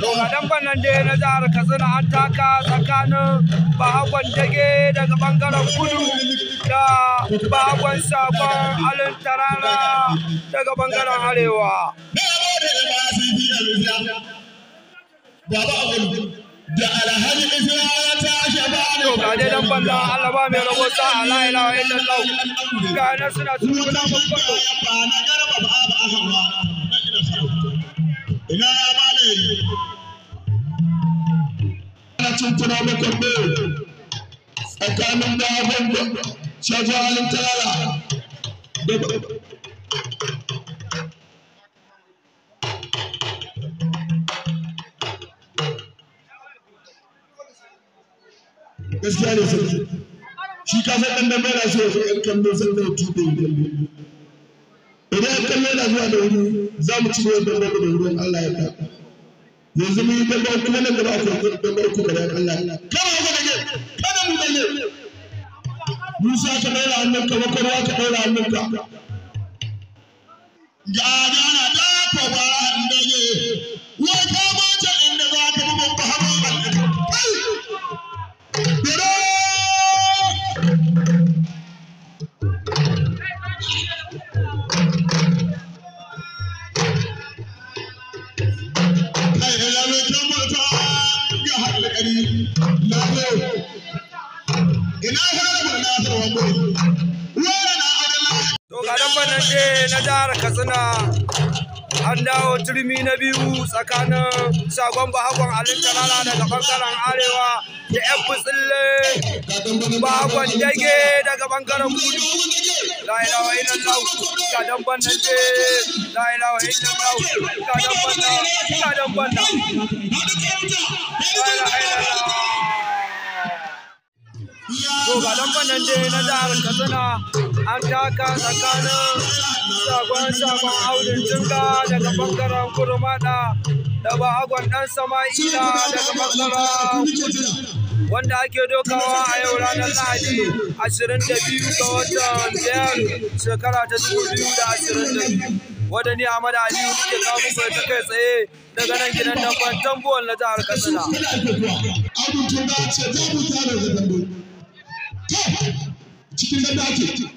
Dogadan bannan dai na jihar Katsina an taka tsakanin bahagwan dage daga bangaren kudu da bahagwan sakon alin tarara daga bangaren arewa. Ga dai dan balla Allah ba mai rabo sa ala ila wa illa Allah. Ga nan suna tsuguna bakwai. Ina ba alheri ana tuntuna maka ne tsakanin dawon da shajo halin tarara gaskiya ne sarki shi ka san ɗan dambe na so ya tuɗe idan zuwa da wuri za mu ci gaba da wuri Allah ya kafa yanzu mun yi dambar kuma nan gaba akwai kuma dambar kuma da Allah kana ga dage kana mu dage Musa ka daura hannunka makarwa ka daura hannunka ga ana da ba To ga nan na jihar Katsina an dawo turmi na biyu tsakanin shagon bahagon Alin Tarara daga bangaren Arewa da ‘yan futsille bahagon dage daga bangaren kudu. La ilawa ina lau, ga dan banna ce, la ilawa ina lau, ga dan nan, ga dan banna. To ga dan banna na jihar Katsina an taka tsakanin sakon sakon audin jinga daga bangaren kurmada da daba-agon dan sama'ila daga bangaren kudu wanda ake dokawa a yau ranar lahadi ashirin da biyu ga watan biyar shekara ta dubu biyu da ashirin 2022 wadda ni Ahmad Aliyu muke kawo muku ta kai tsaye daga nan gidan nan ban tambuwan na jihar Katsina. Abin tun da ce za mu tare da dambe. Cikin da ake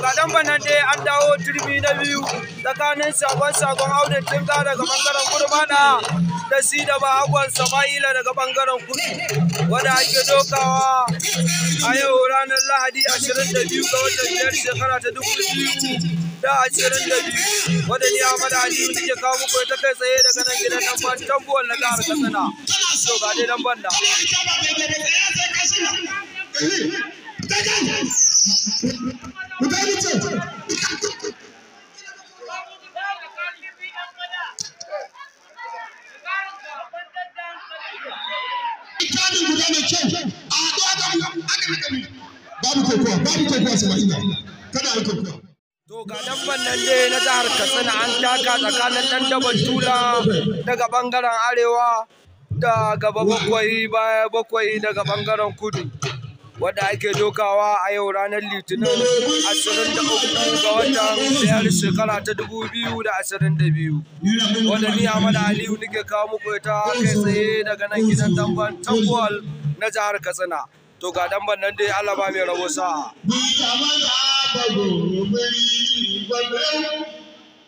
kaɗan banan dai an dawo turmi na biyu tsakanin sabon sagon audin tinka daga bangaren kurmana da si da bahagon sama'ila daga bangaren kudu wadda ake dokawa a yau ranar lahadi 22 ga watan biyar shekara ta dubu biyu guda ashirin da biyu wadda ni Ahmad kawo muku ta kai tsaye daga nan gidan nan na ga dai jihar katsina an taka tsakanin dan daban tula daga bangaren arewa da gaba bakwai baya bakwai daga bangaren kudu wadda ake dokawa a yau ranar litinin 23 ga watan biyar shekara ta 2022 wadda ni amana aliyu nake kawo muku ita kai tsaye daga nan gidan tambar tankwal na jihar katsina to ga damban nan dai allah ba mai rabo sa'a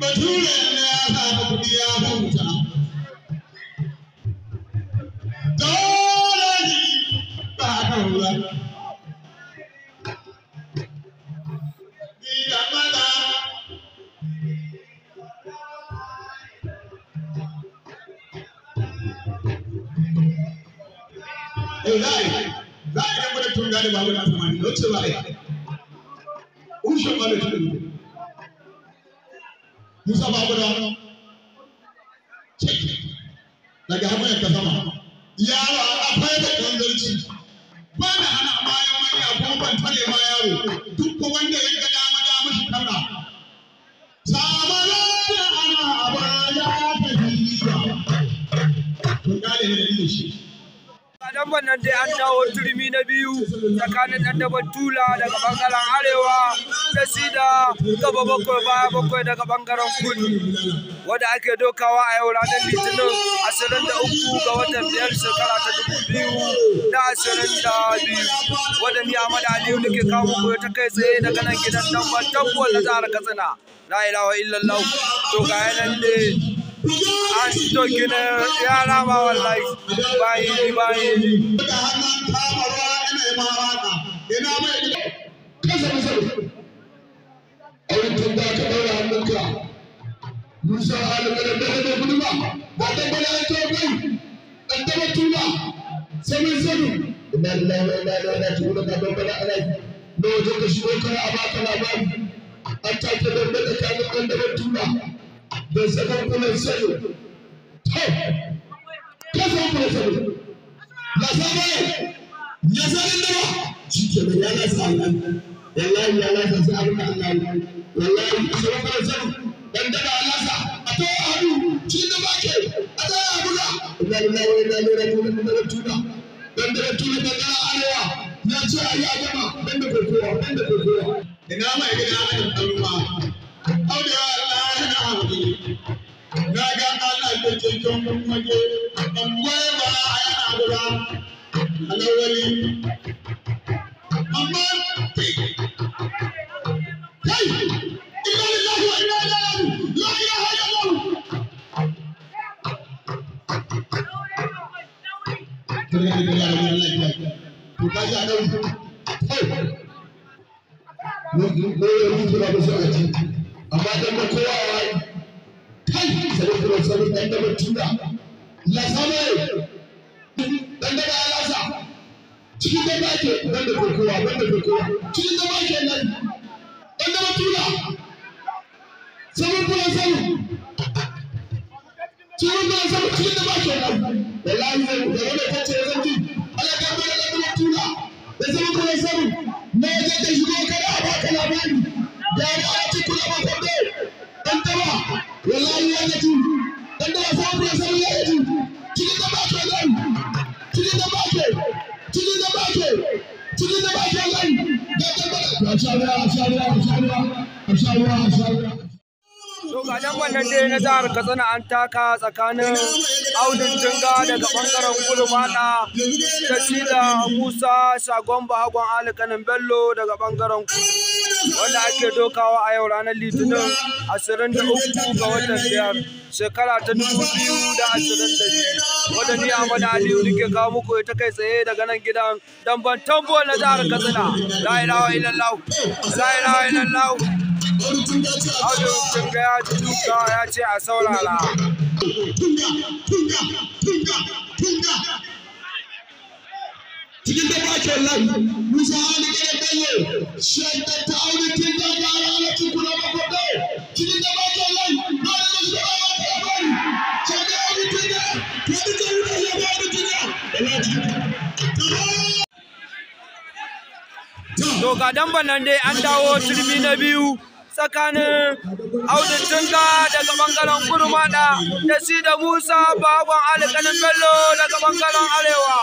bature ne ya samu kuɗi ya huta dole ne ba ni za a yi tun gane babu na tsammani, don ce ba a yi. Ushe ba da tun Musa ba abu da wani daga hannun ka sama yara a fayar da ƙwanzarci ba da hana mayan manya ko ban tare ma yaro duk wanda ya damban nan dai an dawo turmi na biyu tsakanin ɗan daban tula daga bangaren arewa da sida gaba bakwai baya bakwai daga bangaren kudu wanda ake dokawa a yau ranar litinin ashirin da uku ga watan biyar shekara ta dubu biyu da ashirin da biyu wanda ni Aliyu nake kawo koyo ta kai tsaye daga nan gidan damban tabbol na jihar Katsina la ilaha illallah to ga yanan dai an ɗauki na yara ma wallahi bayan ji bayan ji. Ina halin da da ina ba, ba ta bala ya ta bai, ɗan taɓa tuna, saman sanu. Ina da lawa ina da wani ta gudu ba don bala a rai, na wajen ka shigo kana a baka labari, an take don bala ta ga ɗan taɓa tuna. bai sakan kuma sayo kasan kuma sayo la salle de sanin da ba shi ke da ya lasa Allah wallahi salle, lasa sai abin da Allah wallahi kasan kuma sayo dan da ba a to hadu shi da ba ke a da abuga wallahi wallahi wallahi da tuba dan da tuba da da alwa ya ce a yi dan da kokowa dan ina mai gida a kan al'umma auda Allah ya na na ga Allah da cikin waje ban goyi ba yana guda alawali amma kai ina lillahi wa ina ilaihi la ilaha illallah a dauki ne ne സെലിബ്രോ സെലിബ്രോ എന്റെ വെച്ചില്ല dangane da alasa cikin da bake nan da kokowa nan da kokowa cikin da bake nan dan da batula sabon kula cikin da sabu cikin da bake nan wallahi zai da wanda ta ce zan ji Allah ta bada da batula da sabon kula na je ta shigo kada a baka labari da ya ci kula ba ko dan taba wallahi Ashawara, ashawara, ashawara, ashawara, ashawara. wajen wannan dai na jihar katsina an taka tsakanin audin jinga daga bangaren kudu mata da shida musa shagon bahagon alikanin bello daga bangaren kudu wanda ake dokawa a yau ranar litinin 23 ga watan biyar shekara ta 2022 wadda ni amada aliyu nike kawo muku ita kai tsaye daga nan gidan dambantan buwa na jihar katsina la ilaha illallah la Audu tunga ya ji duka ya ce a saurara. Tunga, tunga, tunga, tunga. Cikin da ke lai, Musa Ali da Bello, shaidar ta aure tun da ga alaƙin kuna mafaɗo. Cikin da ake lai, ba da masu da awa ta bari. Shaidar aure tun da, ta bi ta wuce ya ba da tun da. To ga damban nan dai an dawo turmi na biyu. tsakanin audin tunga daga bangaren gurmada da shi da musa bagon alƙalin bello daga bangaren arewa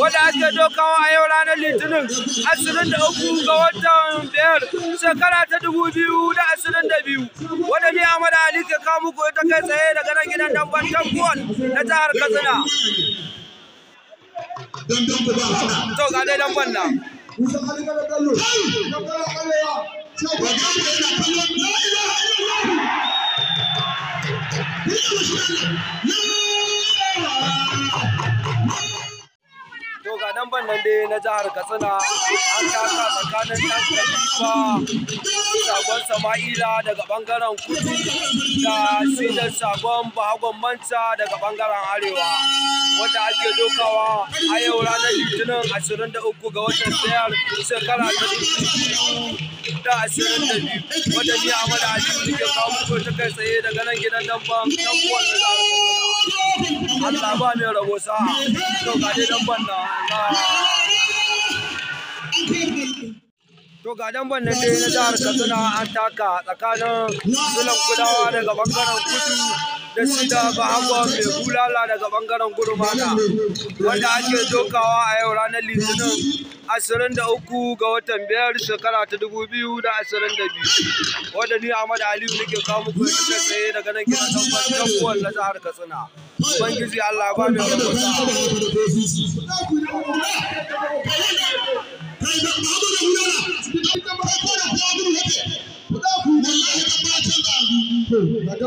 wadda ake dokawa a yau ranar litinin ashirin da uku ga watan biyar shekara ta dubu biyu da ashirin da biyu wadda ni amada ali ke kawo muku ita kai tsaye daga nan gidan bantan kuwan na jihar katsina. To ga dai damban nan. Wajahmu To ga nan ban nan dai na jihar Katsina an taka tsakanin ɗan Khalifa Sagon Sama'ila daga ɓangaren kudu da Sidan shagon Bahagon Manta daga ɓangaren arewa. Wanda ke dokawa a yau ranar litinin ashirin da uku ga watan biyar shekara ta dubu da ashirin da biyu wanda ni amada aliyu ke kawo muku ta kai tsaye daga nan gidan dan ban dan uwan da tsara Allah ba mai rabo sa to ga dai dan ban na To ga dan ban nan dai na jihar Katsina an taka tsakanin Sulan Kudawa daga bangaren kudu da shi da hawa mai bulala daga bangaren kudu wanda ake dokawa a yau ranar litinin 23 ga watan biyar shekara ta 2022 wanda ni Ahmad Aliyu nake kawo muku da tsaye daga nan gidan dan farkon na jihar Katsina ubangiji Allah ba da rabota Kai da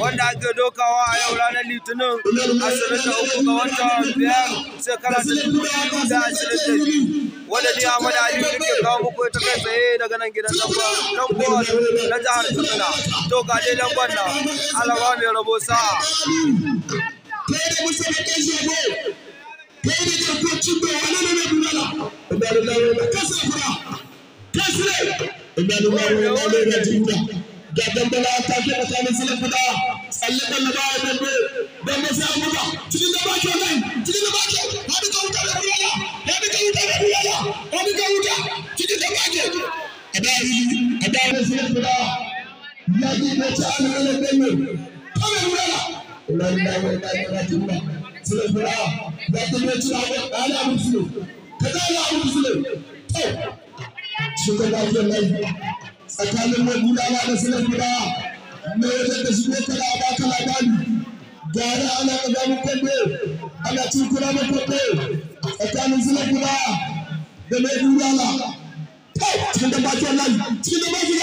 wanda ake dokawa a yau ranar litinin ashirin da uku ga watan biyar shekara ta dubu biyu da ashirin da biyu wanda ni Ahmad Ali nake kawo muku ta kai tsaye daga nan gidan lambar na jihar Katsina to ga dai lambar nan alawa mai rabo sa'a Kasire! Ibanu Mawu Mawu Rajinda! Gagambala ta ke tsakanin Salaf da tsallakan na baya dambe don ba da baki wannan cikin da baki hadi ka wuta da bulala hadi ka wuta da bulala hadi ka wuta cikin da baki adayi adayi Salaf da ya ji da ta alƙala dambe kame bulala wallahi da wani da ya ji ba Salaf da ya ta ne ci abu ala abu tsakanin mai gudawa da sunan gida mai wajen da shigo kada a baka labari gara ana ɗaga mu kwando ana cin kura mu kwando tsakanin sunan guda da mai gudawa cikin da baki wallahi cikin da baki